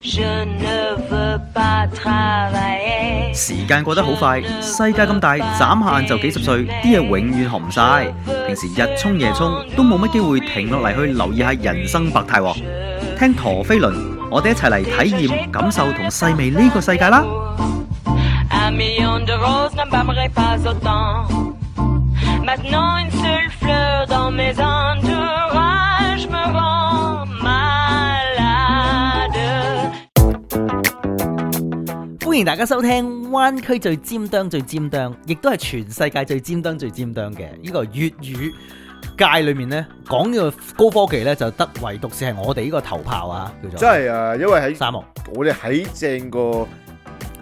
時間過得好快，世界咁大，眨下眼就幾十歲，啲嘢永遠學唔晒。平時日沖夜沖，都冇乜機會停落嚟去留意下人生百態喎。聽陀飛輪，我哋一齊嚟體驗、感受同細味呢個世界啦！歡迎大家收聽灣區最尖端、最尖端，亦都係全世界最尖端、最尖端嘅呢個粵語界裏面呢，講呢個高科技呢，就得唯獨是係我哋呢個頭炮啊，叫做真係啊，因為喺沙漠，我哋喺正個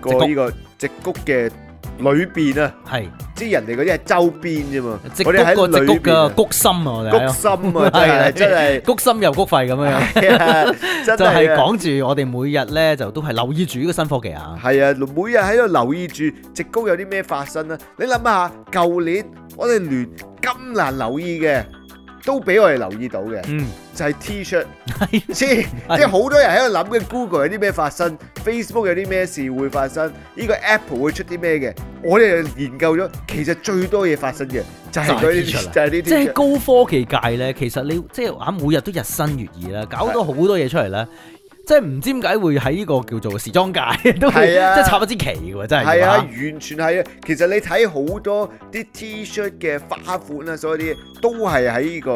個呢個直谷嘅。裏邊啊，係是，即係人哋嗰啲係周邊啫嘛，直谷個谷個谷心啊，谷心啊，真係，谷心又谷肺咁樣樣，就係講住我哋每日咧就都係留意住呢個新科技啊，係啊，每日喺度留意住直谷有啲咩發生啊？你諗下，舊年我哋連咁難留意嘅，都俾我哋留意到嘅，就係 T-shirt，即係好多人喺度諗緊 Google 有啲咩發生 ，Facebook 有啲咩事會發生，呢、這個 Apple 會出啲咩嘅，我哋研究咗，其實最多嘢發生嘅就係、是、嗰就係呢啲，即係高科技界咧，其實你即係啊，每日都日新月異啦，搞到好多嘢出嚟啦。即係唔知點解會喺呢個叫做時裝界都係是、啊、即係插一支旗喎，真係係啊！完全係啊！其實你睇好多啲 T-shirt 嘅花款啊，所有啲都係喺呢個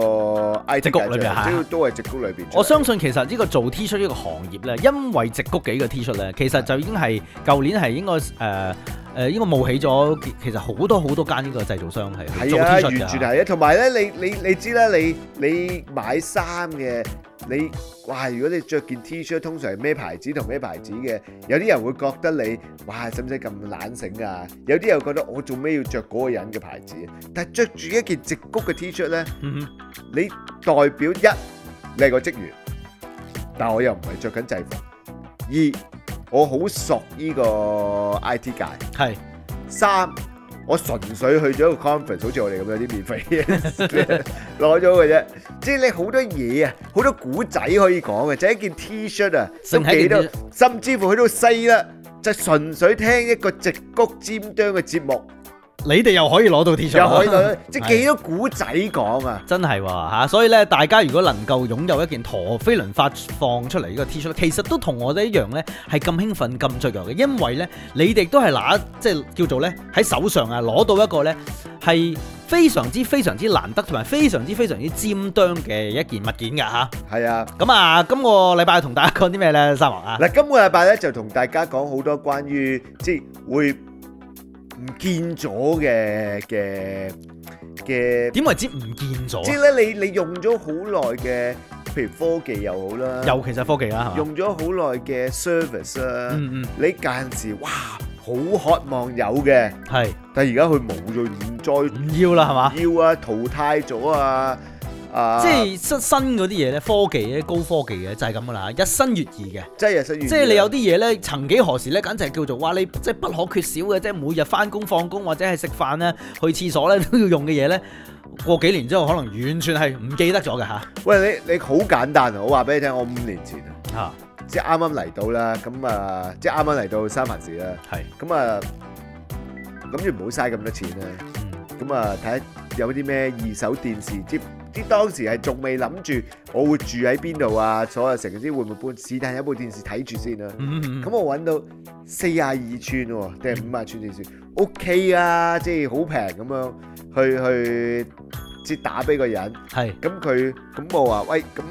矽谷裏邊，是都都係矽谷裏邊。我相信其實呢個做 T-shirt 呢個行業咧，因為矽谷幾個 T-shirt 咧，shirt，其實就已經係舊年係應該誒。呃誒呢個冒起咗，其實好多好多間呢個製造商係做 T 恤嘅。係啊，係啊，同埋咧，你你你知啦，你你買衫嘅，你哇，如果你着件 t 恤，通常係咩牌子同咩牌子嘅？有啲人會覺得你哇，使唔使咁懶醒啊？有啲又覺得我做咩要着嗰個人嘅牌子？但係著住一件直谷嘅 T 恤咧，你代表一，你係個職員，但我又唔係着緊制服。二，我好熟呢個 IT 界。係，三，我純粹去咗一個 conference，好似我哋咁樣啲免費攞咗嘅啫。即係你好多嘢啊，好多古仔可以講嘅，就一件 T 恤啊，都幾多，甚至乎去到西啦，就純粹聽一個直谷尖端嘅節目。你哋又可以攞到 T 恤，又可以 即係幾多古仔講啊？ 真係喎，啊，所以咧，大家如果能夠擁有一件陀飛輪發放出嚟呢個 T 恤，其實都同我哋一樣咧，係咁興奮咁雀躍嘅，因為咧，你哋都係拿即係叫做咧喺手上啊攞到一個咧係非常之非常之難得同埋非常之非常之尖端嘅一件物件嘅吓，係啊，咁是啊，啊，今個禮拜同大家講啲咩咧，三王啊，嗱，今個禮拜咧就同大家講好多關於即係會。唔見咗嘅、嘅、嘅點為之唔見咗？即係咧，你你用咗好耐嘅，譬如科技又好啦，尤其是科技啦，係嘛？用咗好耐嘅 service 啊，嗯嗯，你間時哇，好渴望有嘅，係是，但係而家佢冇咗，唔再唔要啦，係嘛？要啊，淘汰咗啊！啊、即係新新嗰啲嘢咧，科技咧，高科技嘅就係咁噶啦，日新月異嘅。即係日新月，即係你有啲嘢咧，曾幾何時咧，簡直係叫做哇！你即係不可缺少嘅，即係每日翻工放工或者係食飯咧、去廁所咧都要用嘅嘢咧。過幾年之後，可能完全係唔記得咗嘅吓？喂，你你好簡單啊！我話俾你聽，我五年前啊，即係啱啱嚟到啦，咁啊，即係啱啱嚟到三藩市啦，係咁啊，咁你唔好嘥咁多錢啊，咁啊睇下有啲咩二手電視接。啲當時係仲未諗住我會住喺邊度啊，所以成日知會唔會搬，是但有部電視睇住先啦。咁、嗯嗯嗯、我揾到四十二寸定係五十寸電視，OK 啊，即係好平咁樣去去即打俾個人。係咁佢咁我話喂，咁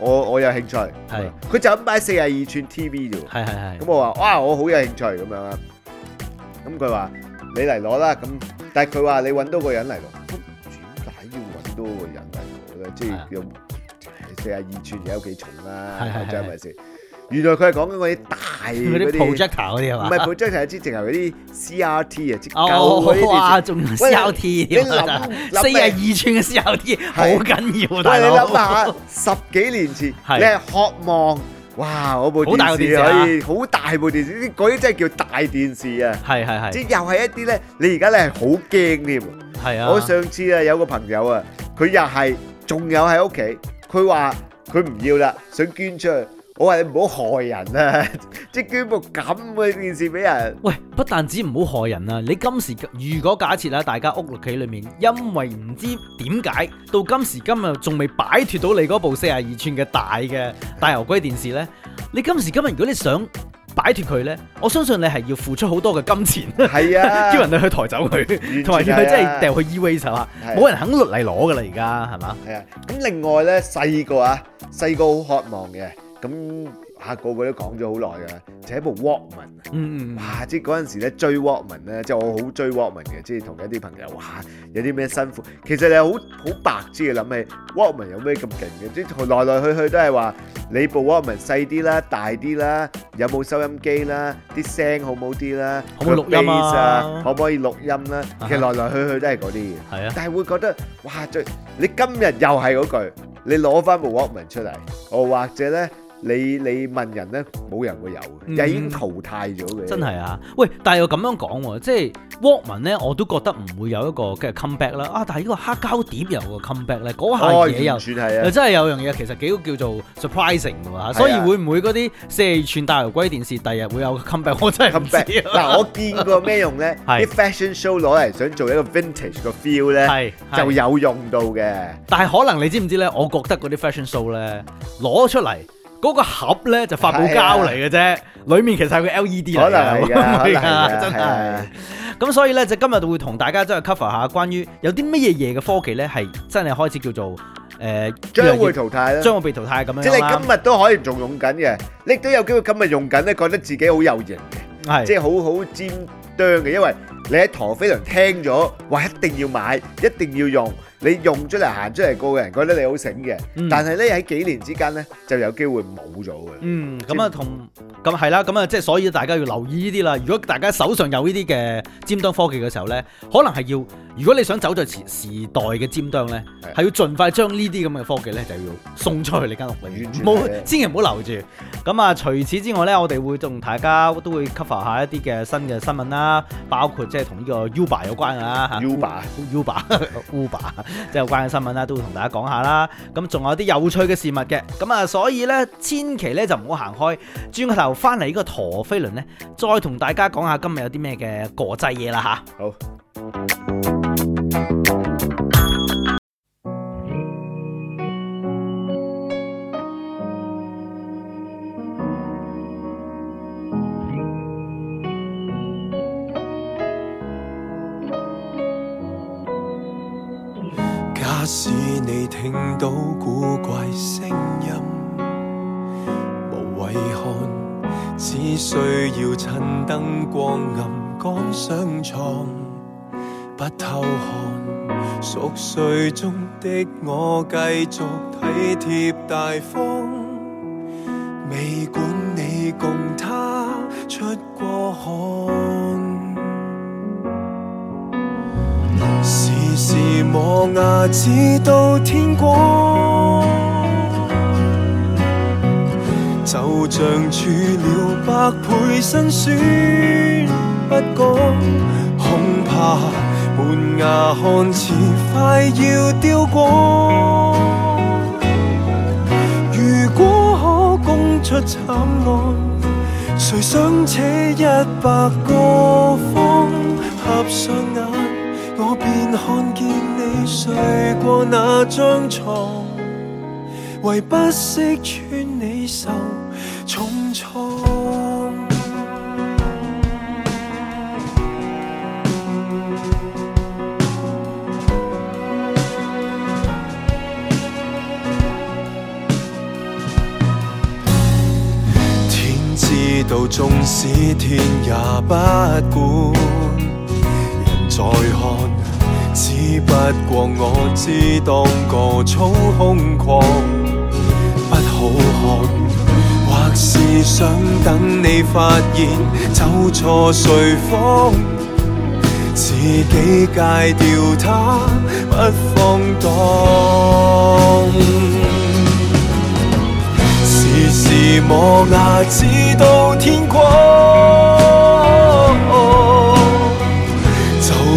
我我有興趣。係佢是就咁買四十二寸 TV 啫。係係係。咁我話哇，我好有興趣咁樣。咁佢話你嚟攞啦。咁但係佢話你揾到個人嚟攞。都人係我嘅，即係有四十二寸又有幾重啊？係係係，咪先？原來佢係講緊嗰啲大嗰啲 projector 啲係嘛？唔係 projector，即係淨係嗰啲 CRT 啊，即係舊嗰啲。哦，好啊，仲 CRT 添啊！四十二寸嘅 CRT 好緊要，大佬。喂，你諗下啊，十幾年前你係渴望哇，我部電視可以好大部電視，啲嗰啲真係叫大電視啊！係係係，即係又係一啲咧，你而家咧係好驚添。係啊，我上次啊有個朋友啊。佢又係，仲有喺屋企。佢話佢唔要啦，想捐出去。我話你唔好害人啊！即 捐部咁嘅電視俾人。喂，不但止唔好害人啊！你今時如果假設啦，大家屋企裡面，因為唔知點解，到今時今日仲未擺脱到你嗰部四十二吋嘅大嘅大牛龜電視呢？ 你今時今日如果你想。擺脫佢咧，我相信你係要付出好多嘅金錢，啊、 叫人哋去抬走佢，同埋佢真係掉去 e-waste 冇、啊啊、人肯落嚟攞嘅啦，而家係嘛？係啊，咁另外咧細個啊，細個好渴望嘅咁。啊！個個都講咗好耐㗎，就係一部 Walkman。嗯，哇！即係嗰陣時咧追 Walkman 咧，即係我好追 Walkman 嘅，即係同一啲朋友話有啲咩辛苦。其實你好好白痴嘅諗起 Walkman 有咩咁勁嘅？即係來來去去都係話你部 Walkman 細啲啦、大啲啦、有冇收音機啦、啲聲好唔好啲啦、可唔可以錄音啊、可唔可以錄音啦？其實來來去去都係嗰啲嘅。係啊。但係會覺得哇！最你今日又係嗰句，你攞翻部 Walkman 出嚟，哦，或者咧。你你問人咧，冇人會有嘅，嗯、已經淘汰咗嘅。真係啊，喂，但係又咁樣講喎，即係 Walkman 咧，我都覺得唔會有一個嘅 comeback 啦。啊，但係呢個黑膠碟有個 comeback 咧，嗰下嘢又啊，又真係有樣嘢，其實幾叫做 surprising 㗎嘛。啊、所以會唔會嗰啲四寸大頭龜電視第日會有個 comeback？我真係 comeback 啊！嗱，Come back? 我見過咩用咧？啲 是 fashion show 攞嚟想做一個 vintage 個 feel 咧，就有用到嘅。是但係可能你知唔知咧？我覺得嗰啲 fashion show 咧攞出嚟。嗰個盒咧就發泡膠嚟嘅啫，的裡面其實係個 LED 嚟嘅。可能嘅， 能真係的。咁的所以咧，的就今日就會同大家即係 cover 下關於有啲乜嘢嘢嘅科技咧，係真係開始叫做誒、呃、將會淘汰啦，將會被淘汰咁樣，即係你今日都可以仲用緊嘅，你都有機會今日用緊咧，覺得自己好有型嘅，係的即係好好尖端嘅，因為你喺陀飛輪聽咗，話，一定要買，一定要用。你用出嚟行出嚟過嘅人，覺得你好醒嘅，嗯、但係呢喺幾年之間呢就有機會冇咗嘅。嗯，咁、嗯、啊，同咁係啦，咁啊，即係所以大家要留意呢啲啦。如果大家手上有呢啲嘅尖端科技嘅時候呢，可能係要，如果你想走在時時代嘅尖端呢，係要盡快將呢啲咁嘅科技呢就要送出去你間屋裏面，冇全，千祈唔好留住。咁、嗯、啊、嗯嗯，除此之外呢，我哋會同大家都會 cover 一下一啲嘅新嘅新聞啦，包括即係同呢個 Uber 有關㗎 Uber，Uber，Uber。 即係有關嘅新聞啦，都會同大家講下啦。咁仲有啲有趣嘅事物嘅，咁啊，所以呢，千祈呢就唔好行開，轉個頭翻嚟呢個陀飛輪呢，再同大家講下今日有啲咩嘅國際嘢啦吓，好。不使你聽到古怪聲音，無謂看，只需要趁燈光暗趕上床，不偷看，熟睡中的我繼續體貼大方。磨牙至到天光， 就像蛀了百倍辛酸不。不講 恐怕門牙看似快要掉光。 如果可供出慘案，誰想扯一百個謊？合上眼，我便看見。睡過那張床為不惜穿你手，匆匆 天知道，縱使天也不管，人在看。只不過我知當個操控狂不好看，或是想等你發現走錯睡房，自己戒掉它，不放蕩，時時磨牙直到天光。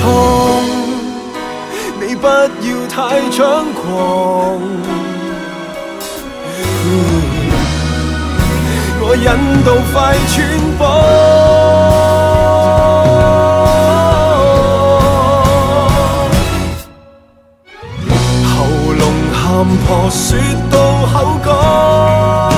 痛，你不要太猖狂。 我忍到快穿幫， 喉嚨喊破，説到口乾。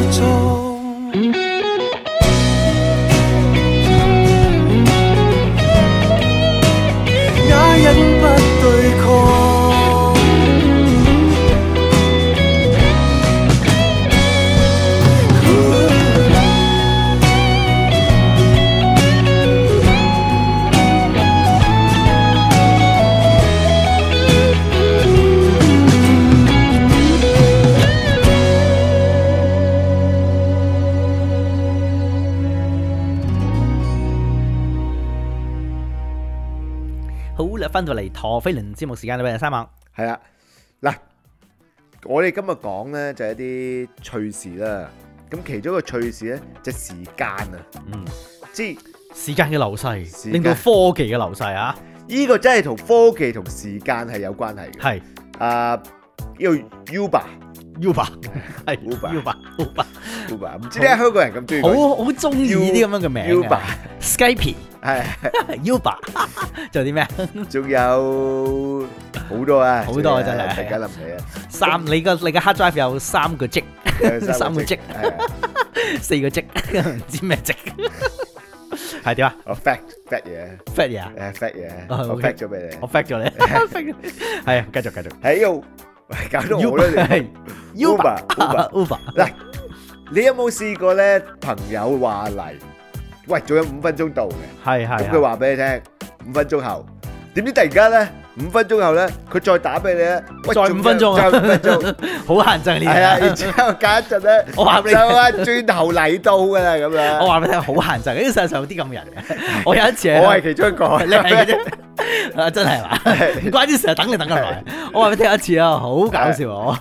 好啦，翻到嚟陀飛輪節目時間啦，喂，三萬，係啦，嗱，我哋今日講咧就係一啲趣事啦，咁其中一個趣事咧就係時間啊，嗯，即係時間嘅流逝，令用到科技嘅流逝啊，呢個真係同科技同時間係有關係嘅，係是，啊、呃，叫 Uber，Uber，係 Uber，Uber Uber 唔錯，香港人咁中意。好好中意啲咁樣嘅名 u b e r s k y p e 係 Uber，仲有啲咩，仲有好多啊，好多啊，真係。大家諗唔起啊！三，你個你個 hard drive 有三個積，三個積，四個積，唔知咩積？係點啊？我 fat fat 嘢，fat 嘢，fat 嘢，我 fat 咗俾你，我 fat 咗你，係繼續繼續。係有，繼續我嗰度，Uber Uber Uber，嚟。你有冇試過呢？朋友話嚟，喂，仲有五分鐘到嘅，係係係，咁佢話俾你聽，五分鐘後，點知突然間呢？五分鐘後咧，佢再打俾你咧，再五分鐘啊！好限陣，係啊！然之後隔一陣咧，就啊轉頭嚟到噶啦咁樣。我話俾你聽，好限陣，呢世界上有啲咁人嘅。我有一次我係其中一個，你係啊，真係嘛？唔怪之成日等你等咁耐。我話俾你聽，一次啊，好搞笑啊！我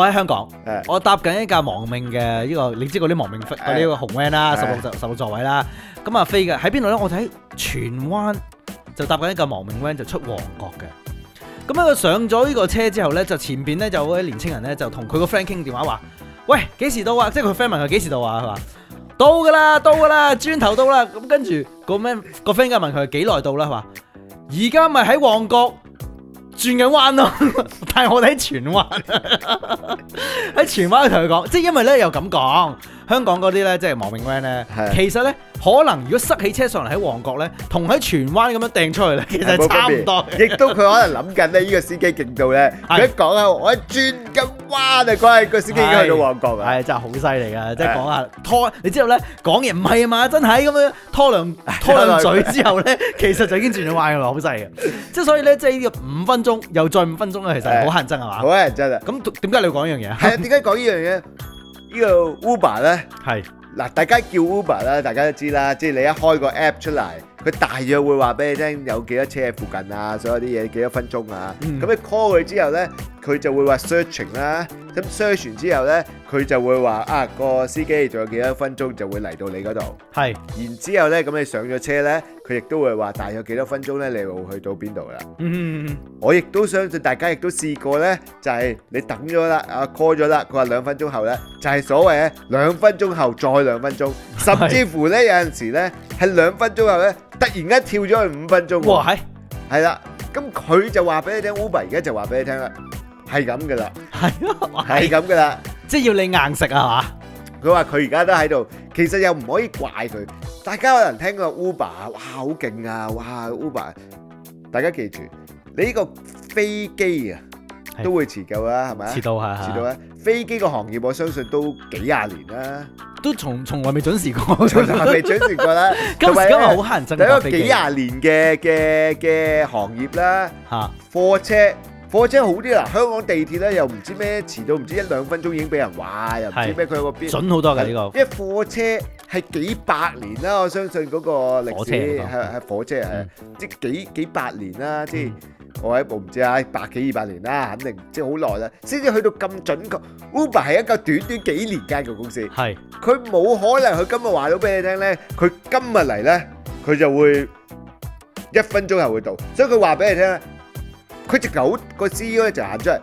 我喺香港，我搭緊一架亡命嘅呢個，你知嗰啲亡命飛嗰啲紅 van 啦，十六十六座位啦。咁啊飛嘅喺邊度咧？我睇荃灣。就搭緊一架亡命 van 就出旺角嘅。咁喺佢上咗呢個車之後咧，就前邊咧就嗰啲年青人咧就同佢個 friend 傾電話話，喂，幾時到啊？即係佢 friend 問佢幾時到啊？係嘛？到噶啦，到噶啦，轉頭到啦。咁跟住個 man 個 friend 又問佢幾耐到啦，啊？話而家咪喺旺角轉緊彎咯， 但係我哋喺荃灣喺荃灣同佢講，即係因為咧又咁講，香港嗰啲咧即係亡命 van 咧，是的 其實咧。可能如果塞起車上嚟喺旺角咧，同喺荃灣咁樣掟出去咧，其實差唔多。亦都佢可能諗緊咧，呢個司機勁到咧， 是 一講咧，我一轉緊彎啊，佢個司機已經去到旺角啊，係真係好犀利噶，是的 即係講下拖，你知道咧講嘢唔係啊嘛，真係咁樣拖兩拖嘴之後咧， 其實就已經轉咗彎㗎啦，好犀利嘅。即係所以咧，即係呢個五分鐘又再五分鐘咧，其實好乞人憎係嘛，好乞人憎嘅。咁點解你要講呢樣嘢？係啊，點解講呢樣嘢？這個、呢個 Uber 咧係。嗱，大家叫 Uber 啦，大家都知啦，即係你一開個 app 出嚟。佢大約會話俾你聽有幾多車喺附近啊，所有啲嘢幾多分鐘啊，咁你 call 佢之後咧，佢就會話 searching 啦，咁 search 完之後咧，佢就會話啊個司機仲有幾多分鐘就會嚟到你嗰度，係。然之後咧，咁你上咗車咧，佢亦都會話大約幾多分鐘咧，你會去到邊度啦。我亦都相信大家亦都試過咧，就係你等咗啦，啊 call 咗啦，佢話兩分鐘後咧，就係所謂咧兩分鐘後再兩分鐘，甚至乎咧有陣時咧係兩分鐘後咧。突然間跳咗去五分鐘喎，係啦哇，咁佢的、嗯、就話俾你聽，Uber 而家就話俾你聽啦，係咁噶啦，係咯， 係咁噶啦，即係要你硬食啊嘛，佢話佢而家都喺度，其實又唔可以怪佢，大家有人聽過 Uber，哇好勁啊，哇 Uber，大家記住，你呢個飛機啊都會持久啦，係咪？遲到係，遲到啊！飛機個行業，我相信都幾廿年啦，都從從來未，未準時過，從來未準時過啦 有。今日今日好乞人憎加飛機一個幾，幾廿年嘅嘅嘅行業啦。嚇哈，貨車貨車好啲啦，啊，香港地鐵咧又唔知咩遲到，唔知一兩分鐘已經俾人話又唔知咩，佢個邊準好多㗎呢個，因為貨車係幾百年啦，我相信嗰個歷史係係火車係，即係幾幾百年啦，即係。嗯我喺部唔知啊，百幾二百年啦，肯定即係好耐啦，先至去到咁準確。Uber 係一個短短幾年間嘅公司，係佢冇可能佢今日話咗俾你聽咧，佢今日嚟咧，佢就會一分鐘後會到，所以佢話俾你聽咧，佢只狗個 CEO 咧就行出嚟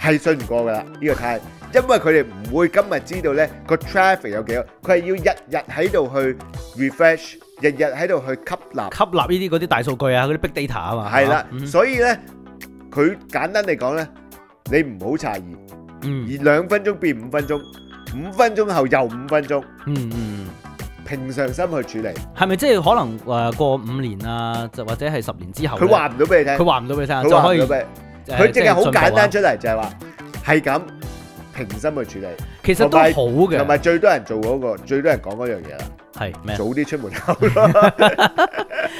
係信唔過噶啦，呢個睇，因為佢哋唔會今日知道咧個 traffic 有幾多，佢係要日日喺度去 refresh。日日喺度去吸納吸納呢啲嗰啲大數據啊，嗰啲 big data 啊嘛，係啦，所以咧佢簡單嚟講咧，你唔好詫疑，而兩分鐘變五分鐘，五分鐘後又五分鐘，嗯嗯，平常心去處理，係咪即係可能誒過五年啊，就或者係十年之後，佢話唔到俾你聽，佢話唔到俾你聽，佢可以，佢淨係好簡單出嚟就係話係咁。平心去處理，其實都係好嘅，同埋最多人做嗰個，最多人講嗰樣嘢啦，係早啲出門口咯。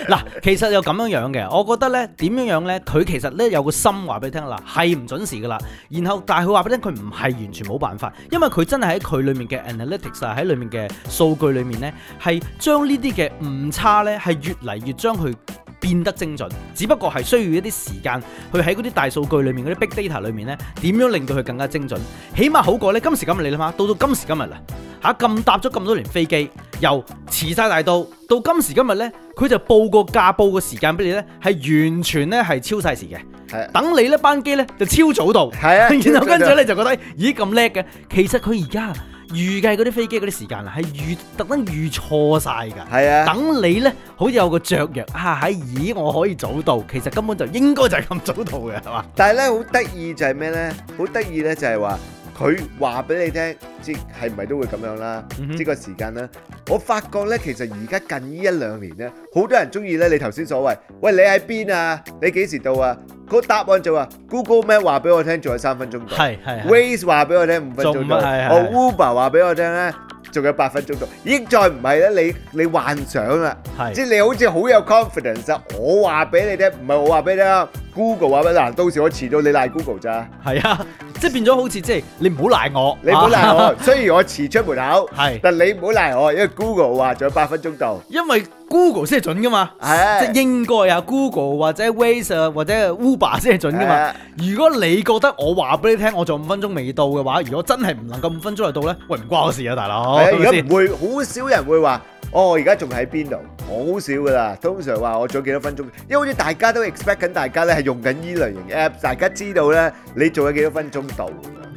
嗱，其實有咁樣樣嘅，我覺得咧，點樣樣咧，佢其實咧有個心話俾你聽啦，係唔準時噶啦。然後，但係佢話俾你聽，佢唔係完全冇辦法，因為佢真係喺佢裡面嘅 analytics 喺裡面嘅數據裡面咧，係將呢啲嘅誤差咧係越嚟越將佢。變得精準，只不過係需要一啲時間去喺嗰啲大數據裏面嗰啲 big data 裏面呢，點樣令到佢更加精準。起碼好過呢，今時今日你諗下，到到今時今日啊，吓咁搭咗咁多年飛機，又遲晒大到到今時今日呢，佢就報個價，報個時間俾你呢，係完全呢係超晒時嘅，的等你呢班機呢，就超早到，的然後跟住咧就覺得咦咁叻嘅，其實佢而家。預計嗰啲飛機嗰啲時間啊，係預特登預錯晒㗎。係啊，等你咧，好似有個著藥啊，係、哎、咦，我可以早到，其實根本就應該就係咁早到嘅，係嘛？但係咧，好得意就係咩咧？好得意咧就係話。佢話俾你聽，即係唔係都會咁樣啦？即、嗯、哼個時間咧，我發覺咧，其實而家近一兩呢一兩年咧，好多人中意咧，你頭先所謂，喂你喺邊啊？你幾時到啊？個答案就話 Google Map 話俾我聽，仲有三分鐘到，係係。Waze 話俾我聽五分鐘到，哦 Uber 話俾我聽咧，仲有八分鐘到。咦？再唔係咧，你你幻想啦，是即你好似好有 confidence 我。我話俾你聽，唔係我話俾你聽，Google 話咩？嗱，到時我遲到你，你賴 Google 咋？係啊。即係變咗好似即係你唔好賴我，你唔好賴我。啊、雖然我遲出門口，係是，但你唔好賴我，因為 Google 話仲有八分鐘到。因為 Google 先係準㗎嘛，的即係應該啊。Google 或者 Waze 或者 Uber 先係準㗎嘛。的如果你覺得我話俾你聽，我仲五分鐘未到嘅話，如果真係唔能夠五分鐘就到咧，喂，唔關我事啊，大佬。而家唔會，好少人會話。哦，而家仲喺邊度？好少噶啦，通常話我做咗幾多分鐘，因為好似大家都 expect 緊，大家咧係用緊呢類型嘅 app，大家知道咧你做咗幾多分鐘度。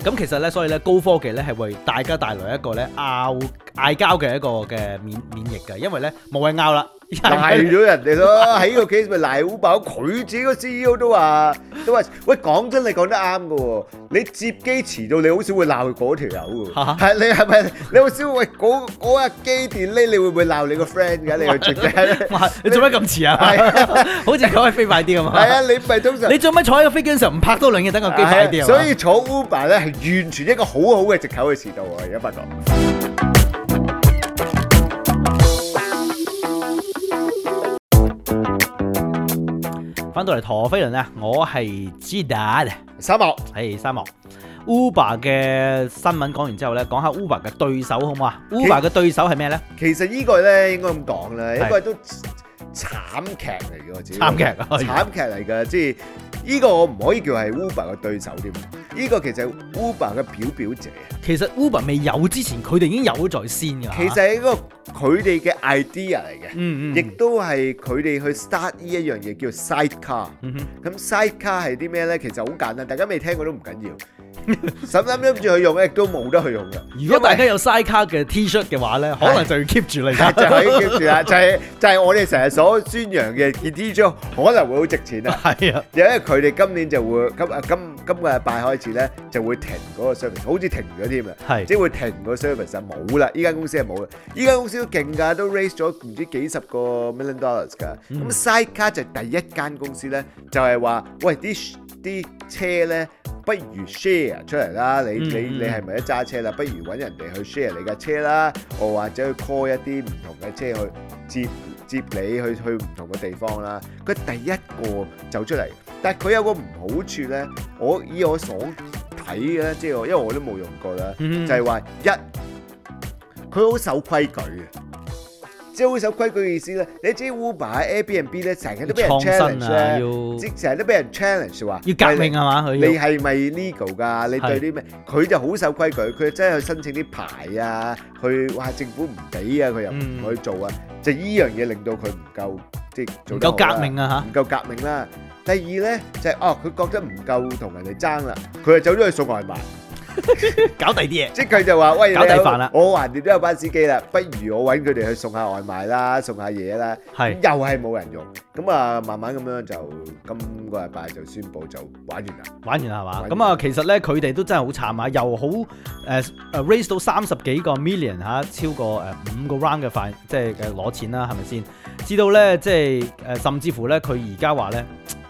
咁其實咧，所以咧高科技咧係為大家帶來一個咧拗嗌交嘅一個嘅免免疫嘅，因為咧無謂拗啦。賴咗人哋咯，喺個 case 咪賴 Uber，佢自己個 CEO 都話，都話，喂，講真你講得啱嘅喎，你接機遲到你好少會鬧嗰條友嘅喎，係你係咪？你好少喂嗰嗰日機遲啲，你會唔會鬧你個 friend 嘅？你去接機，你做咩咁遲啊？好似可以飛快啲咁啊？係啊，你唔係通常你做乜坐喺個飛機上唔拍多兩嘢等個機快啲，所以坐 Uber 咧係完全一個好好嘅藉口去遲到啊！而家發覺。翻到嚟陀飛輪啊！我係知達沙漠，係沙漠。Uber 嘅新聞講完之後咧，講下 Uber 嘅對手好唔好啊？Uber 嘅對手係咩咧？其實呢個咧應該咁講啦，依個係都慘劇嚟嘅，慘劇，慘劇嚟嘅，即係呢個我唔可以叫係 Uber 嘅對手添。呢個其實係 Uber 嘅表表姐。其實 Uber 未有之前，佢哋已經有咗在先㗎。其實依個。佢哋嘅 idea 嚟嘅，嗯嗯、亦都係佢哋去 start 呢一樣嘢叫 sidecar、嗯哼。咁 sidecar 係啲咩咧？其實好簡單，大家未聽過都唔緊要。 想諗住去用咧，亦都冇得去用噶。如果大家有 Sidecar 嘅 T-shirt 嘅話咧， 可能就要 keep 住啦。 就係 keep 住啦，就係就係我哋成日所宣揚嘅件 T-shirt，可能會好值錢 是啊。係啊，因為佢哋今年就會今啊今今個禮拜開始咧，就會停嗰個 service，好似停咗添是啊。係，即係會停個 service 就冇啦。呢間公司係冇嘅，呢間公司都勁噶，都 raise 咗唔知幾十個 million dollars 噶。咁 Sidecar 就第一間公司咧，就係、是、話喂啲啲。車咧，不如 share 出嚟啦，你你你係咪一揸車啦？不如揾、mm hmm. 人哋去 share 你架車啦，或或者去 call 一啲唔同嘅車去接接你去去唔同嘅地方啦。佢第一個走出嚟，但係佢有個唔好處咧，我以我所睇嘅咧，即係我因為我都冇用過啦，mm hmm. 就係話一佢好守規矩嘅。即係會守規矩嘅意思咧，你知 Uber 喺 Airbnb 咧成日都俾人 challenge 啊，即成日都俾人 challenge 話要革命啊嘛，佢你係咪 legal 㗎？你對啲咩？佢是就好守規矩，佢真係去申請啲牌啊，去哇政府唔俾啊，佢又唔去做啊、嗯，就依樣嘢令到佢唔夠，即係唔夠革命啊嚇，唔夠革命啦、啊啊。第二咧就係、是、哦，佢覺得唔夠同人哋爭啦，佢就走咗去送外賣。 搞第啲嘢，即係佢就話喂，搞第飯啦，我橫掂都有班司機啦，不如我搵佢哋去送下外賣啦，送下嘢啦，係是 又係冇人用，咁啊慢慢咁樣就今個禮拜就宣布就玩完啦，玩完係嘛？咁啊其實咧佢哋都真係好慘啊，又好誒誒 raise 到三十幾個 million 吓、啊，超過誒五個 round 嘅快、就是，即係嘅攞錢啦，係咪先？至到咧即係誒，甚至乎咧佢而家話咧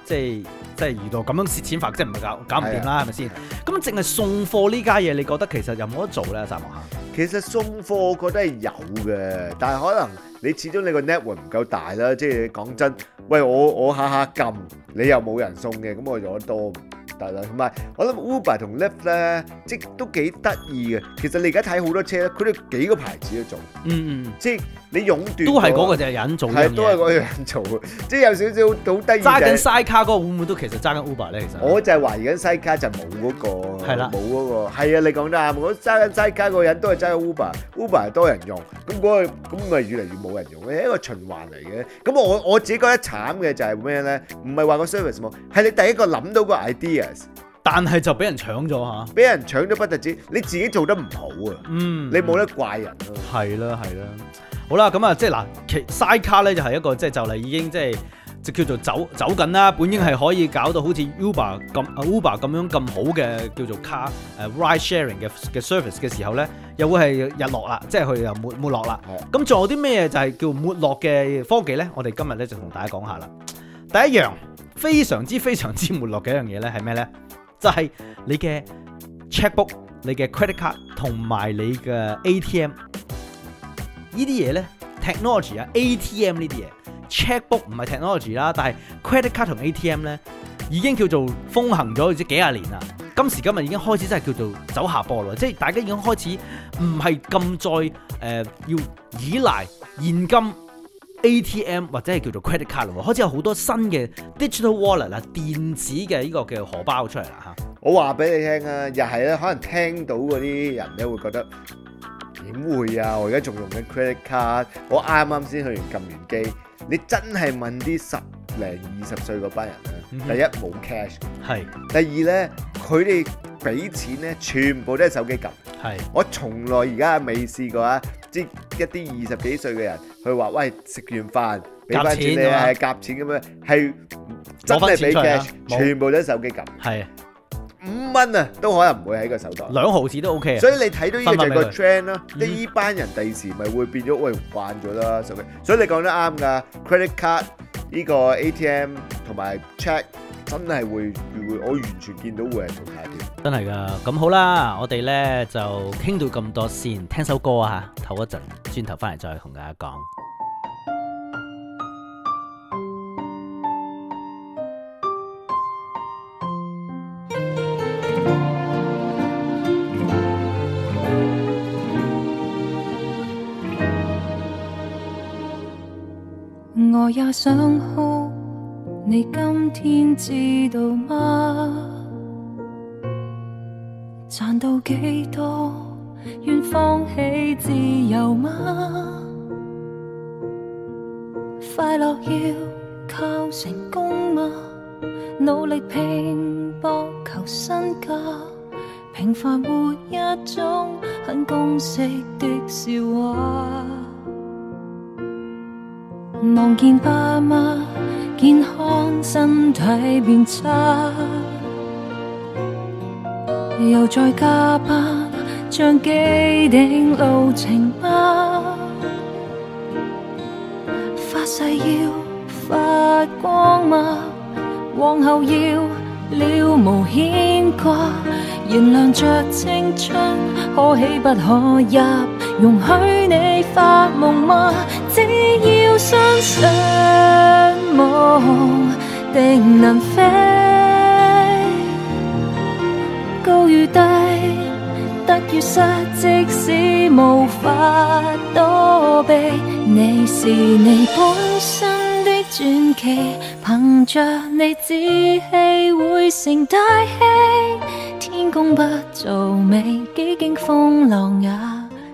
即係。即係遇到咁樣蝕錢法，即係唔係搞搞唔掂啦，係咪先？咁淨係送貨呢家嘢，你覺得其實有冇得做咧？暫忘下。其實送貨我覺得係有嘅，但係可能你始終你個 network 唔夠大啦。即係講真，喂，我我，我下下撳，你又冇人送嘅，咁我用得多唔得啦？同埋我諗 Uber 同 Lyft 咧，即都幾得意嘅。其實你而家睇好多車咧，佢哋幾個牌子都做，嗯嗯，即係。你壟斷都係嗰個隻人做嘅，都係嗰個人做嘅， 即係有少少好低。揸緊西卡嗰個會唔會都其實揸緊 Uber 咧？其實我就係懷疑緊西卡就冇嗰、嗰個，冇嗰對了、嗰個，係啊！你講得啱，我揸緊西卡嗰個人都係揸緊 Uber，Uber 係多人用，咁嗰、嗰個咁咪越嚟越冇人用，一個循環嚟嘅。咁我我自己覺得慘嘅就係咩咧？唔係話個 service 冇，係你第一個諗到個 ideas，但係就俾人搶咗嚇。俾、啊、人搶咗不單止，你自己做得唔好、嗯、啊，嗯，你冇得怪人。係啦，係啦。好啦，咁啊，即係嗱，其塞卡咧就係一個即係就嚟已經即係就叫做走走緊啦。本應係可以搞到好似 Uber、uh, Uber 咁啊 Uber 咁樣咁好嘅叫做卡誒、uh, ride sharing 嘅嘅 service 嘅時候咧，又會係日落啦，即係佢又沒沒落啦。咁仲、嗯、有啲咩就係叫沒落嘅科技咧？我哋今日咧就同大家講下啦。第一樣非常之非常之沒落嘅一樣嘢咧係咩咧？就係、係、你嘅 checkbook、你嘅 credit card 同埋你嘅 ATM。呢啲嘢咧，technology 啊，ATM 呢啲嘢，checkbook 唔係 technology 啦，但係 Credit Card 同 ATM 咧已經叫做風行咗即係幾廿年啦。今時今日已經開始真係叫做走下坡路，即係大家已經開始唔係咁再誒、呃、要依賴現金 ATM 或者係叫做 Credit Card 卡咯，開始有好多新嘅 digital wallet 嗱電子嘅呢個嘅荷包出嚟啦嚇。我話俾你聽啊，又係咧，可能聽到嗰啲人咧會覺得。點會啊！我而家仲用緊 credit card，我啱啱先去完撳完機。你真係問啲十零二十歲嗰班人啊？嗯、哼第一冇 cash，係，是第二咧佢哋俾錢咧全部都係手機撳，係是。我從來而家未試過啊！即一啲二十幾歲嘅人去話喂，食完飯俾翻錢你呀，夾錢咁樣係真係俾 cash，全部都係手機撳，係沒。五蚊啊，都可能唔會喺個手袋。兩毫紙都 O、OK、K 啊分分、嗯哎。所以你睇到呢個個 trend 呢班人第時咪會變咗，喂慣咗啦，手機。所以你講得啱噶，credit card 呢個 ATM 同埋 check 真係會會，我完全見到會係淘汰掉。真係噶，咁好啦，我哋咧就傾到咁多先，聽首歌啊，唞一陣，轉頭翻嚟再同大家講。我也想哭，你今天知道嗎？賺到幾多，願放棄自由嗎？快樂要靠成功嗎？努力拼搏求身價，平凡活一種很公式的笑話。望見爸媽健康身體變差，又再加班，像既定路程嗎？發誓要發光嗎？往後要了無牽掛，燃亮着青春，可喜不可泣。容許你發夢嗎？只要相信夢定能飛。高與低，得與失，即使無法躲避。你是你本身的傳奇，憑着你志氣會成大器。天公不造美，幾經風浪也。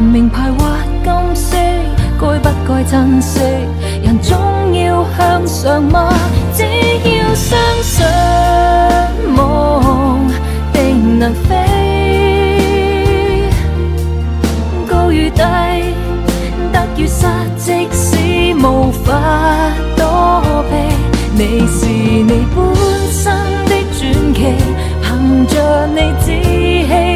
名牌或金飾，該不該珍惜？人總要向上嗎？只要相信夢，定能飛。高與低，得與失，即使無法躲避，你是你本身的傳奇，憑着你志氣。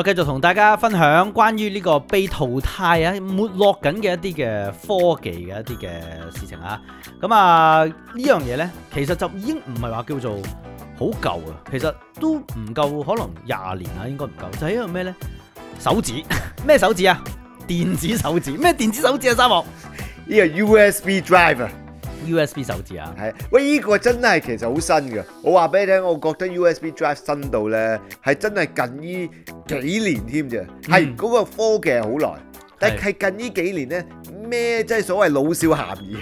我繼續同大家分享關於呢個被淘汰啊、沒落緊嘅一啲嘅科技嘅一啲嘅事情啊，咁啊呢樣嘢呢，其實就已經唔係話叫做好舊啊，其實都唔夠，可能廿年啦、啊，應該唔夠，就係因為咩呢？手指咩手指啊？電子手指咩電子手指啊？沙漠呢個 USB driver。USB 手指啊，係喂依、這個真係其實好新㗎，我話俾你聽，我覺得 USB drive 新度咧，係真係近依幾年添咋，係嗰、嗯那個科技好耐，但係近依幾年咧咩真係所謂老少咸宜。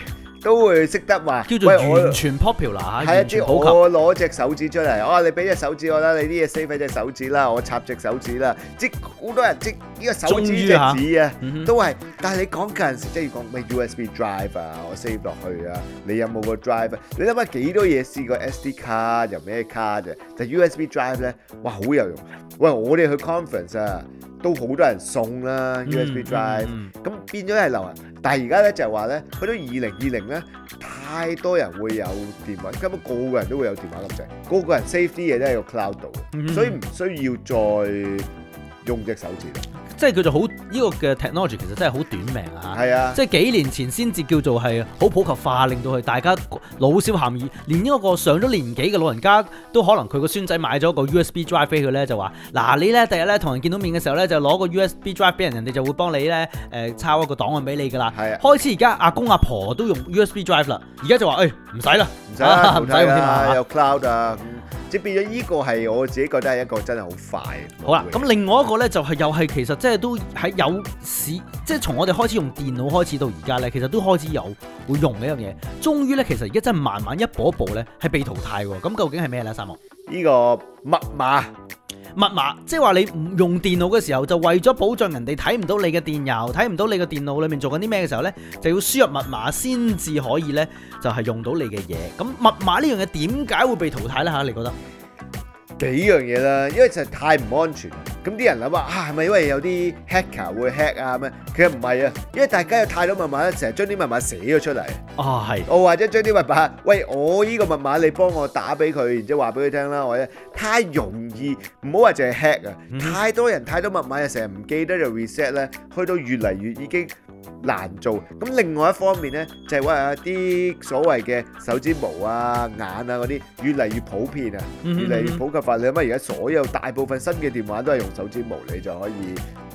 都會識得話叫做全 popular 嚇、啊，係、啊、一我攞隻手指出嚟，哇！你俾隻手指我啦，你啲嘢 save 喺隻手指啦，我插隻手指啦，即好多人即呢個手指隻紙啊，嗯、都係。但係你講近時，即係要講咩 USB drive 啊，我 save 落去啊，你有冇個 drive 啊？你諗下幾多嘢試過 SD card，卡又咩卡啫？就 USB drive 咧，哇，好有用！喂，我哋去 conference 啊，都好多人送啦、啊、USB drive，咁、嗯嗯嗯、變咗係流行。但係而家咧就係話咧，去到二零二零咧，太多人會有電話，根本個個人都會有電話咁滯，個個人 save 啲嘢都喺個 cloud 度，嗯、哼所以唔需要再用隻手指。即係佢就好呢、這個嘅 technology，其實真係好短命啊！係是啊，即係幾年前先至叫做係好普及化，令到佢大家老少咸宜，連呢個上咗年紀嘅老人家都可能佢個孫仔買咗個 USB drive 俾佢咧，就話嗱你咧，第日咧同人見到面嘅時候咧，就攞個 USB drive 俾人，人哋就會幫你咧誒、呃、抄一個檔案俾你㗎啦。係是、啊、開始而家阿公阿婆都用 USB drive 啦，而家就話誒唔使啦，唔使啦，有 cloud 㗎、啊嗯嗯，即係變咗呢個係我自己覺得係一個真係好快吧。好啦，咁另外一個咧就係又係其實、就是即係都喺有史，即係從我哋開始用電腦開始到而家呢，其實都開始有會用呢樣嘢。終於呢，其實而家真係慢慢一步一步呢，係被淘汰。咁、嗯、究竟係咩呢？三毛，呢個密碼，密碼，即係話你唔用電腦嘅時候，就為咗保障人哋睇唔到你嘅電郵，睇唔到你嘅電腦裏面做緊啲咩嘅時候呢，就要輸入密碼先至可以呢，就係、是、用到你嘅嘢。咁、嗯、密碼呢樣嘢點解會被淘汰呢？吓，你覺得？幾樣嘢啦，因為實在太唔安全。咁啲人諗話啊，係咪因為有啲 hacker 會 hack 啊咁樣？其實唔係啊，因為大家有太多密碼咧，成日將啲密碼寫咗出嚟。啊、哦，係。我或者將啲密碼，喂，我依個密碼你幫我打俾佢，然之後話俾佢聽啦。或者太容易，唔好話淨係 hack 啊！嗯、太多人太多密碼又成日唔記得就 reset 咧，去到越嚟越已經。難做咁，另外一方面咧，就話有啲所謂嘅手指模啊、眼啊嗰啲，越嚟越普遍啊，越嚟越普及化。Mm hmm. 你諗下，而家所有大部分新嘅電話都係用手指模，你就可以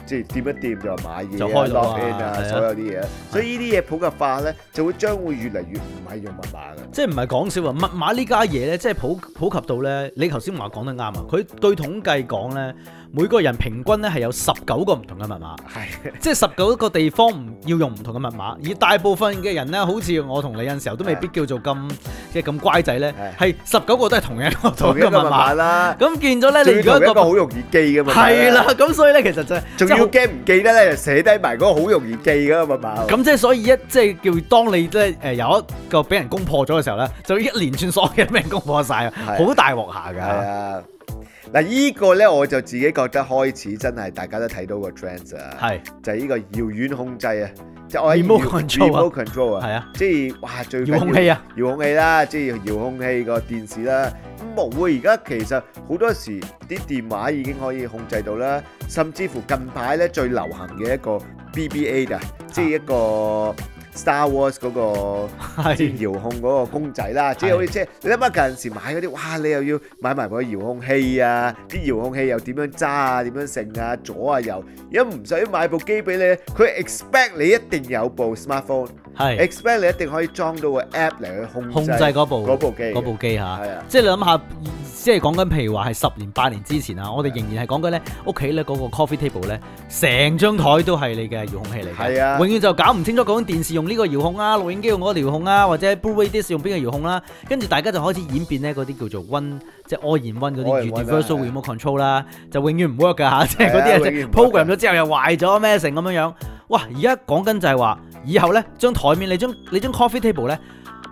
即係掂一掂就買嘢、啊、就開、啊、lock in 啊，的所有啲嘢。所以呢啲嘢普及化咧，就會將會越嚟越唔係用密碼嘅。即係唔係講笑啊？密碼呢家嘢咧，即係普普及到咧，你頭先話講得啱啊！佢據統計講咧。每個人平均咧係有十九個唔同嘅密碼，係是的 即係十九個地方唔要用唔同嘅密碼，而大部分嘅人咧，好似我同你嘅時候都未必叫做咁嘅咁乖仔咧，係十九個都係同一個同，同一個密碼啦。咁見咗咧，你而家一個好容易記嘅密碼係啦。咁所以咧，其實就仲、是、要驚唔記得咧，就寫低埋嗰個好容易記嘅密碼。咁即係所以一即係叫當你咧誒、呃、有一個俾人攻破咗嘅時候咧，就一連串鎖嘅俾人攻破晒，啊的，好大鑊下㗎。係啊。嗱，依個咧我就自己覺得開始真係大家都睇到是個 trend 啊，係就係呢個遙遠控制啊，即、就、係、是、我係 remote control 啊，係啊，啊即係哇最飛遙控器啊，遙控器啦，即係遙控器個電視啦，咁我啊，而家其實好多時啲電話已經可以控制到啦，甚至乎近排咧最流行嘅一個 BBA 啊，即係一個。Star Wars 嗰個即係的遙控嗰個公仔啦，的即係好似即係你諗下近時買嗰啲哇，你又要買埋部遙控器啊，啲遙控器又點樣揸啊，點樣成啊左啊右，因唔使買部機俾你，佢 expect 你一定有一部 smartphone。係，expect 你一定可以裝到個 app 嚟去控控制嗰部嗰部機嗰部機吓，即係你諗下，即係講緊譬如話係十年八年之前啊，我哋仍然係講緊咧屋企咧嗰個 coffee table 咧，成張台都係你嘅遙控器嚟嘅，永遠就搞唔清楚嗰種電視用呢個遙控啊，錄影機用嗰個遙控啊，或者 b l u r y d i s 用邊個遙控啦，跟住大家就開始演變咧嗰啲叫做温，即係 all in one 嗰啲 universal remote control 啦，就永遠唔 w o 會噶吓，即係嗰啲啊，program 咗之後又壞咗咩成咁樣樣，哇！而家講緊就係話。以後咧，將台面你將你將 coffee table 咧，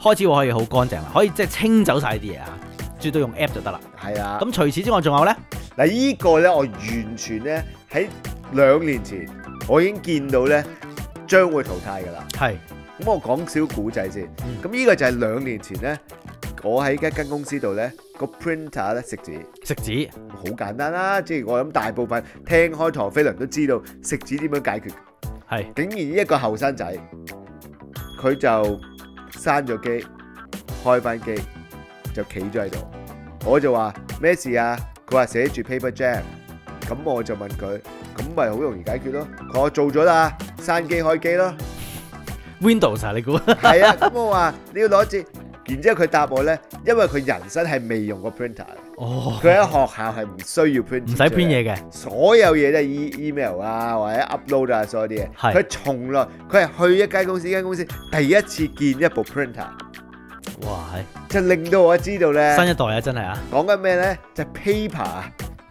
開始可以好乾淨啦，可以即係清走晒啲嘢啊！絕對用 app 就得啦。係是啊。咁除此之外仲有咧？嗱，依個咧我完全咧喺兩年前，我已經見到咧將會淘汰㗎啦。係是。咁我講少古仔先。咁依、嗯、個就係兩年前咧，我喺一間公司度咧個 printer 咧食紙。食紙。好紙簡單啦，即係我諗大部分聽開陀飛輪都知道食紙點樣解決。係，竟然一個後生仔，佢就閂咗機，開返機，就企咗喺度。我就話咩事啊？佢話寫住 paper jam。咁我就問佢，咁咪好容易解決咯？佢話做咗啦，閂機開機咯。Windows 啊，你估？係啊，咁我話你要攞住，然之後佢答我咧，因為佢人生係未用過 printer。哦，佢喺學校係唔需要 printer 唔使編嘢嘅，所有嘢都係 email 啊，或者 upload 啊，所有啲嘢。係是，佢從來佢係去一間公司，一間公司第一次見一部 printer。哇，係！就令到我知道咧，新一代啊，真係啊，講緊咩咧？就係、paper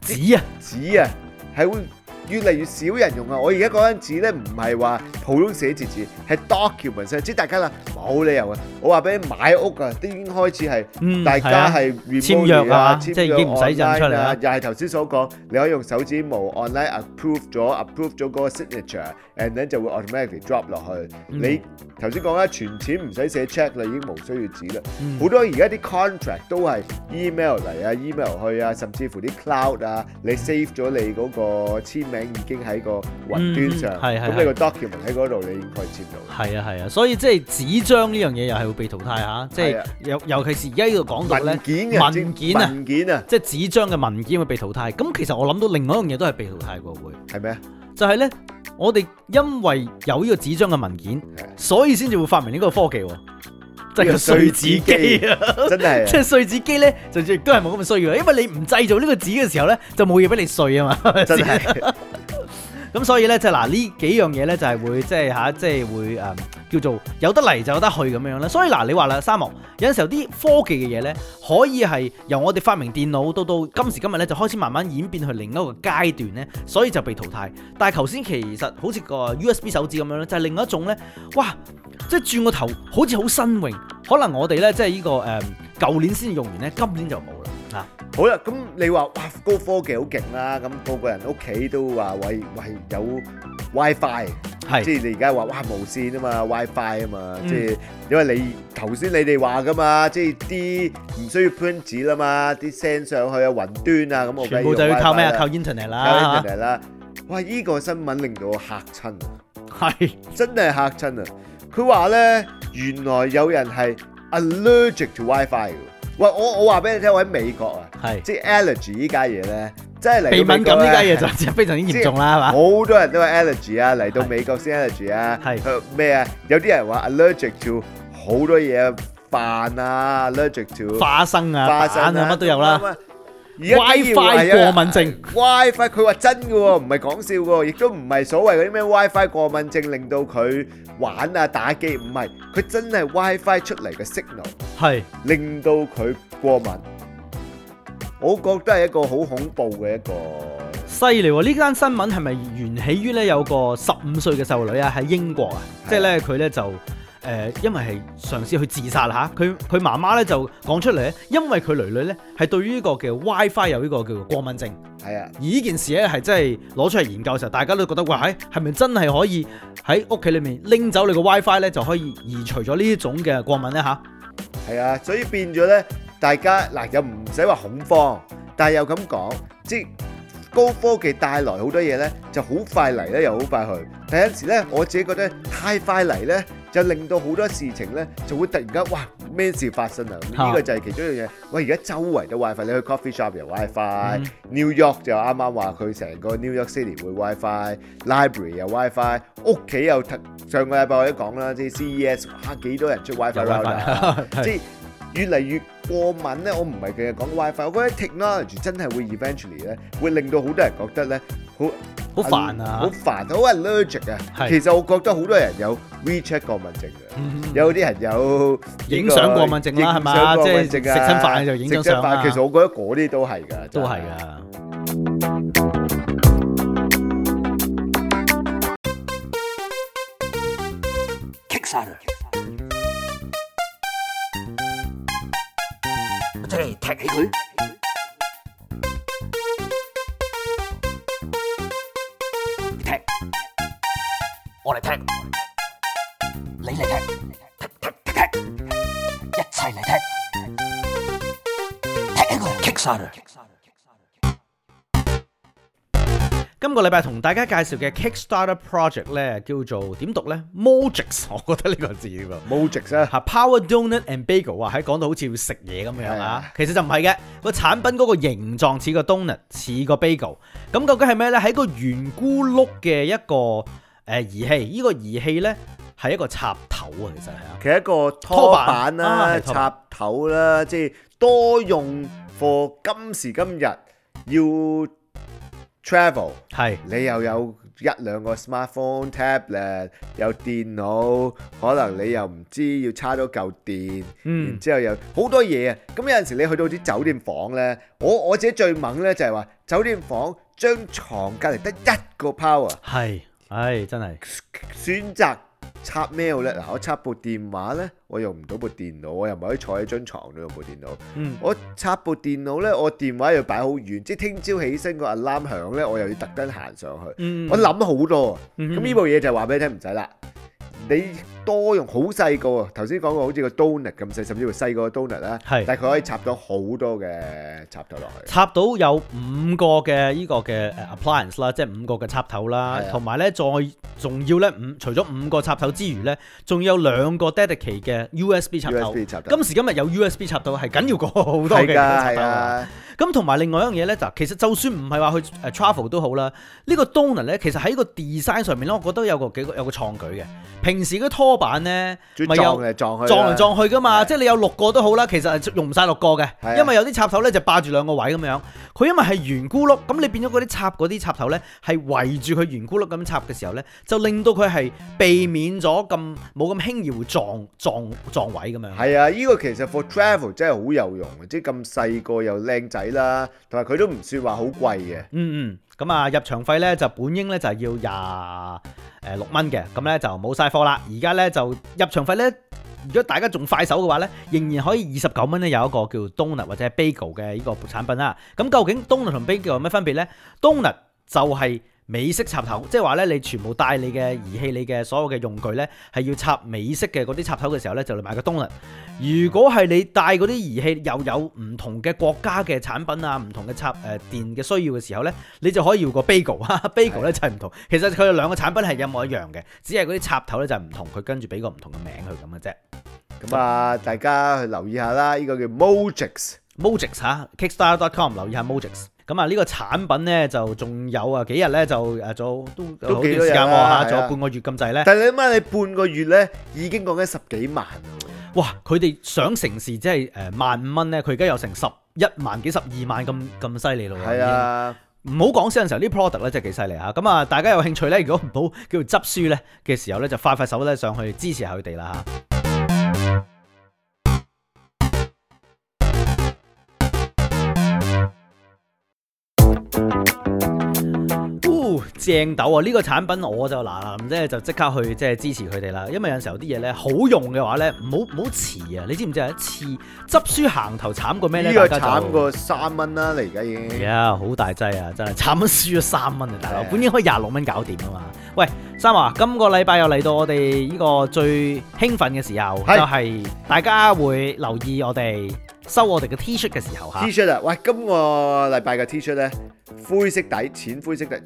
紙啊，紙啊，係會、啊。嗯越嚟越少人用啊！我而家嗰張紙咧，唔係話普通寫字紙，係 document。即係大家啦，冇理由啊！我話俾你買屋啊，都已經開始係大家係簽約啊，簽約 online 啊，又係頭先所講，你可以用手指模 online approve 咗，approve 咗嗰個 signature，and then 就會 automatically drop 落去。你頭先講啦，存錢唔使寫 check 啦，已經無需要紙啦。好多而家啲 contract 都係 email 嚟啊，email 去啊，甚至乎啲 cloud 啊，你 save 咗你嗰個簽名。已經喺個雲端上，咁、嗯、你個 document 喺嗰度，你應該接到。係啊係啊，所以即係紙張呢樣嘢又係會被淘汰嚇，即係尤尤其是而家呢個講到咧文件文件啊，文件啊即係紙張嘅文件會被淘汰。咁其實我諗到另外一樣嘢都係被淘汰過會，係咩？嗎就係咧，我哋因為有呢個紙張嘅文件，的所以先至會發明呢個科技、啊。即係碎紙機啊， 真係是！即係碎紙機咧，就亦都係冇咁需要啊，因為你唔製造呢個紙嘅時候咧，就冇嘢俾你碎啊嘛， 真係。 咁所以呢，即係嗱呢幾樣嘢呢，就係會即係嚇，即係會誒、呃、叫做有得嚟就有得去咁樣啦。所以嗱、呃，你話啦，沙漠有陣時候啲科技嘅嘢呢，可以係由我哋發明電腦到到今時今日呢，就開始慢慢演變去另一個階段呢，所以就被淘汰。但係頭先其實好似個 USB 手指咁樣咧，就係、是、另一種呢。哇！即係轉個頭，好似好新穎，可能我哋呢，即係呢、這個誒舊、呃、年先用完呢，今年就冇啦。啊，好啦，咁你話哇高、那個、科技好勁啦，咁，那個個人屋企都話喂喂有 WiFi，係，即係你而家話哇無線啊嘛 WiFi 啊嘛，即係因為你頭先你哋話噶嘛，即係啲唔需要 print 紙啦嘛，啲 send 上去啊雲端啊，咁我全部就要靠咩啊，啊？靠 internet 啦，internet 啦，喂，呢個新聞令到我嚇親，係，真係嚇親啊！佢話咧原來有人係 allergic to WiFi 嘅。喂，我我話俾你聽，我喺美國啊，係是即係 allergy 呢家嘢咧，即係嚟到美國咧，鼻敏感依家嘢就非常之嚴重啦，係嘛是？好吧多人都話 allergy 啊，嚟到美國先 allergy 啊，係咩啊？有啲人話 allergic to 好多嘢飯啊，allergic to 花生啊，花生啊，乜、啊、都有啦。等等啊。WiFi 過敏症，WiFi 佢話真㗎喎，唔係講笑㗎，亦都唔係所謂嗰啲咩 WiFi 過敏症令到佢玩啊打機，唔係，佢真係 WiFi 出嚟嘅訊號，係令到佢過敏。我覺得係一個好恐怖嘅一個犀利喎！呢單新聞係咪源起於咧有個十五歲嘅細路女啊喺英國啊，即係咧佢咧就。誒、呃，因為係嘗試去自殺啦吓，佢佢媽媽咧就講出嚟咧，因為佢女女咧係對於呢個嘅 WiFi 有呢個叫做過敏症。係啊對，而呢件事咧係真係攞出嚟研究嘅時候，大家都覺得話，係、哎、咪真係可以喺屋企裏面拎走你個 WiFi 咧就可以移除咗呢種嘅過敏咧吓？係啊，所以變咗咧，大家嗱、呃、又唔使話恐慌，但係又咁講，即高科技帶來好多嘢咧，就好快嚟咧，又好快去。但有陣時咧，我自己覺得太快嚟咧。就令到好多事情咧，就會突然間，哇，咩事發生啊！呢個就係其中一樣嘢。喂，而家周圍都 WiFi，你去 coffee shop 有 WiFi，New、嗯、York 就啱啱話佢成個 New York City 會 WiFi，library 有 WiFi，屋企又上個禮拜我都講啦，即係 CES 哇幾多人出 WiFi 即係。 越嚟越過敏咧，我唔係淨係講 WiFi，我覺得 technology 真係會 eventually 咧，會令到好多人覺得咧，好好煩啊、嗯，好煩，好 allergic 啊是。其實我覺得好多人有 WeChat 過敏症嘅，嗯、哼有啲人有影相、嗯這個、過敏症啦，係嘛？吧即係食餐飯就影張相。其實我覺得嗰啲都係㗎，都係㗎。今個禮拜同大家介紹嘅 Kickstarter project 咧，叫做點讀呢？Mojes 我覺得呢個字啊，Mojes 啊，Power Donut and Bagel 啊，喺講到好似要食嘢咁樣啊，其實就唔係嘅，個產品嗰個形狀似個 Donut，似個 Bagel，咁究竟係咩呢？係一個圓咕碌嘅一個誒儀器，呢個儀器呢，係一個插頭啊，其實係啊，其實一個拖板啦，板啊、板插頭啦，即係多用貨，今時今日要。travel 係是，你又有一兩個 smartphone、tablet，有電腦，可能你又唔知要差多嚿電，嗯、然之後又好多嘢啊！咁有陣時你去到啲酒店房呢，我我自己最猛呢就係話酒店房張床隔離得一個 power，係，唉，真係選擇。插咩好叻嗱？我插部電話咧，我用唔到部電腦，我又唔可以坐喺張床度用部電腦。嗯、我插部電腦咧，我電話又要擺好遠，即係聽朝起身個 alarm 響咧，我又要特登行上去。嗯、我諗好多啊，咁呢、嗯、哼部嘢就話俾你聽，唔使啦，你。多用好細個啊！頭先講過好似個 donut 咁細，甚至乎細個 donut 啦是。係，但係佢可以插到好多嘅插頭落去。插到有五個嘅呢個嘅 appliance 啦，即係五個嘅插頭啦。同埋咧再仲要咧五，除咗五個插頭之餘咧，仲有兩個 dedicate 嘅 US USB 插頭，插今時今日有 USB 插到係緊要過好多嘅。係啊。咁同埋另外一樣嘢咧就其實就算唔係話去誒 travel 都好啦，這個、呢個 donut 咧其實喺個 design 上面咧，我覺得有個幾個有個創舉嘅。平時嘅拖板咧，撞嚟撞去，撞嚟撞去噶嘛。是的 即係你有六個都好啦，其實係用唔晒六個嘅，是的 因為有啲插頭咧就霸住兩個位咁樣。佢因為係圓咕碌，咁你變咗嗰啲插嗰啲插頭咧係圍住佢圓咕碌咁插嘅時候咧，就令到佢係避免咗咁冇咁輕易會撞撞撞，撞位咁樣。係啊，呢個其實 for travel 真係好有用嘅，即係咁細個又靚仔啦，同埋佢都唔算話好貴嘅。嗯嗯。咁啊，入場費咧就本應咧就要廿誒六蚊嘅，咁咧就冇晒貨啦。而家咧就入場費咧，如果大家仲快手嘅話咧，仍然可以二十九蚊咧有一個叫 Donut 或者 Bagel 嘅呢個產品啦。咁究竟 Donut 同 Bagel 有咩分別咧？Donut 就係、是。美式插頭，即係話咧，你全部帶你嘅儀器，你嘅所有嘅用具咧，係要插美式嘅嗰啲插頭嘅時候咧，就嚟買個 donut。如果係你帶嗰啲儀器又有唔同嘅國家嘅產品啊，唔同嘅插誒、呃、電嘅需要嘅時候咧，你就可以要個 bagel。哈 ，bagel 咧就係唔同，其實佢哋兩個產品係一模一樣嘅，只係嗰啲插頭咧就係唔同，佢跟住俾個唔同嘅名佢咁嘅啫。咁啊、嗯，大家去留意下啦，呢、這個叫 Mogics，Mogics 吓 kickstarter.com 留意下 Mogics。咁啊，呢個產品咧就仲有啊幾日咧就誒做都都幾時間喎嚇，仲有半個月咁滯咧。但係你諗下，你半個月咧已經講緊十幾萬喎。哇！佢哋想成事，即係誒萬五蚊咧，佢而家有成十一萬幾十二萬咁咁犀利咯。係是啊，唔好講笑嘅時候，啲 product 咧真係幾犀利嚇。咁啊，大家有興趣咧，如果唔好叫做執輸咧嘅時候咧，就快快手咧上去支持下佢哋啦嚇。啊正斗啊！呢、這個產品我就嗱嗱聲就即刻去即係支持佢哋啦，因為有時候啲嘢咧好用嘅話咧，唔好唔好遲啊！你知唔知有一次執輸行頭慘過咩咧？大家慘過三蚊啦，你而家已經呀，好、yeah, 大劑啊！真係慘蚊輸咗三蚊啊，大佬！Yeah. 本應可以廿六蚊搞掂啊嘛！喂，三華，今個禮拜又嚟到我哋呢個最興奮嘅時候，是就係大家會留意我哋。收我哋嘅 T 恤嘅時候吓，T 恤啊，shirt? 喂，今個禮拜嘅 T 恤咧，灰色底，淺灰色底，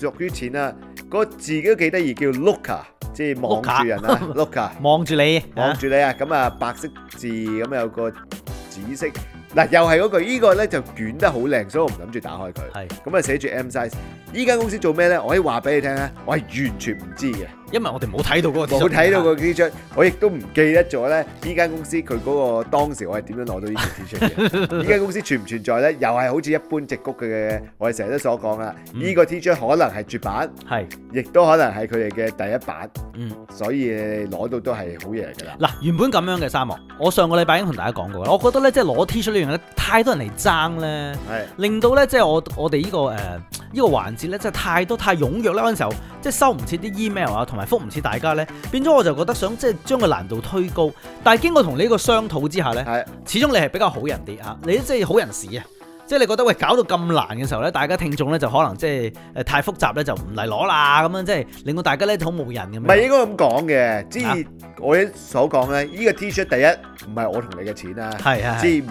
屬於淺啦，那個字都幾得意，叫 Looka，即係望住人啊，Looka，望住你，望住你啊，咁、嗯、啊白色字，咁有個紫色，嗱、啊、又係嗰句，這個、呢個咧就捲得好靚，所以我唔諗住打開佢，係是，咁啊寫住 M size，呢間公司做咩咧？我可以話俾你聽啊，我係完全唔知嘅。因為我哋冇睇到嗰個冇睇到個 T-shirt，冇睇到個 T-shirt，啊，我亦都唔記得咗咧。呢間公司佢嗰個當時我係點樣攞到呢件 T-shirt 嘅？呢間公司存唔存在咧？又係好似一般植谷佢嘅，我哋成日都所講啊。呢、嗯、個 T-shirt 可能係絕版，係，亦都可能係佢哋嘅第一版，嗯，所以攞到都係好嘢嚟㗎啦。嗱、嗯，原本咁樣嘅沙漠，我上個禮拜已經同大家講過啦。我覺得咧，即係攞 T-shirt 呢樣咧，太多人嚟爭咧，係，令到咧即係我我哋呢、呢個誒呢、呃呢個環節咧，即係太多太踴躍啦。嗰陣時候，即係收唔切啲 email 啊，同埋。福唔似大家咧，變咗我就覺得想即係將個難度推高，但係經過同你呢個商討之下咧，是的 始終你係比較好人啲嚇，你即係好人士啊，即係你覺得喂搞到咁難嘅時候咧，大家聽眾咧就可能即係誒太複雜咧就唔嚟攞啦咁樣，即係令到大家咧好冇癮咁樣。唔係應該咁講嘅，即係的我所講咧，呢個 T-shirt 第一唔係我同你嘅錢啊，係啊，即係唔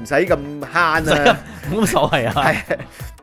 唔使咁慳啊，冇所謂啊。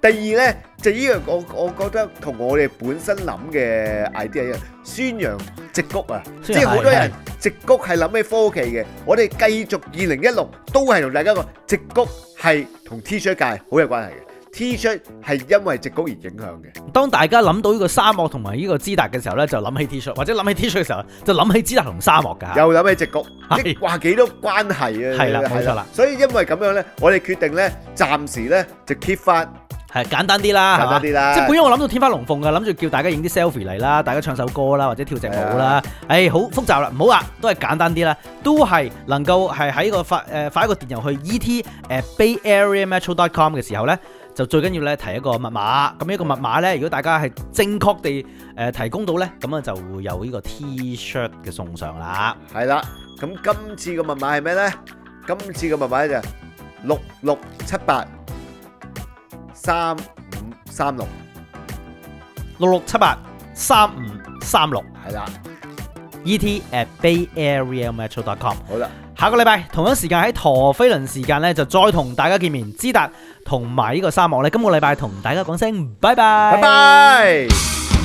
第二呢，就呢樣，我我覺得同我哋本身諗嘅 idea 一樣。宣揚植谷啊，揚即係好多人植谷係諗起科技嘅。我哋繼續二零一六，都係同大家講，植谷係同 T-shirt 界好有關係嘅。T-shirt 係因為植谷而影響嘅。當大家諗到呢個沙漠同埋呢個支達嘅時候呢，就諗起 T-shirt，或者諗起 T-shirt 嘅時候，就諗起支達同沙漠㗎。又諗起植谷，是即掛幾多關係啊？係啦，冇錯啦。所以因為咁樣呢，我哋決定呢，暫時呢，就 keep 翻。係簡單啲啦，係嘛？即係本來我諗到天花龍鳳嘅，諗住叫大家影啲 selfie 嚟啦，大家唱首歌啦，或者跳隻舞啦。誒的、哎，好複雜啦，唔好啊，都係簡單啲啦，都係能夠係喺個發誒發一個電郵去 etbayareametro.com 嘅時候咧，就最緊要咧提一個密碼。咁呢個密碼咧，如果大家係正確地誒提供到咧，咁啊就會有呢個 T-shirt 嘅送上啦。係啦，咁今次嘅密碼係咩咧？今次嘅密碼就係六六七八。三五三六六六七八三五三六，係啦，E T at bayareametro dot com 好的。好啦，下個禮拜同樣時間喺陀飛輪時間咧，就再同大家見面。知達同埋呢個沙漠咧，今個禮拜同大家講聲拜拜。拜拜 bye。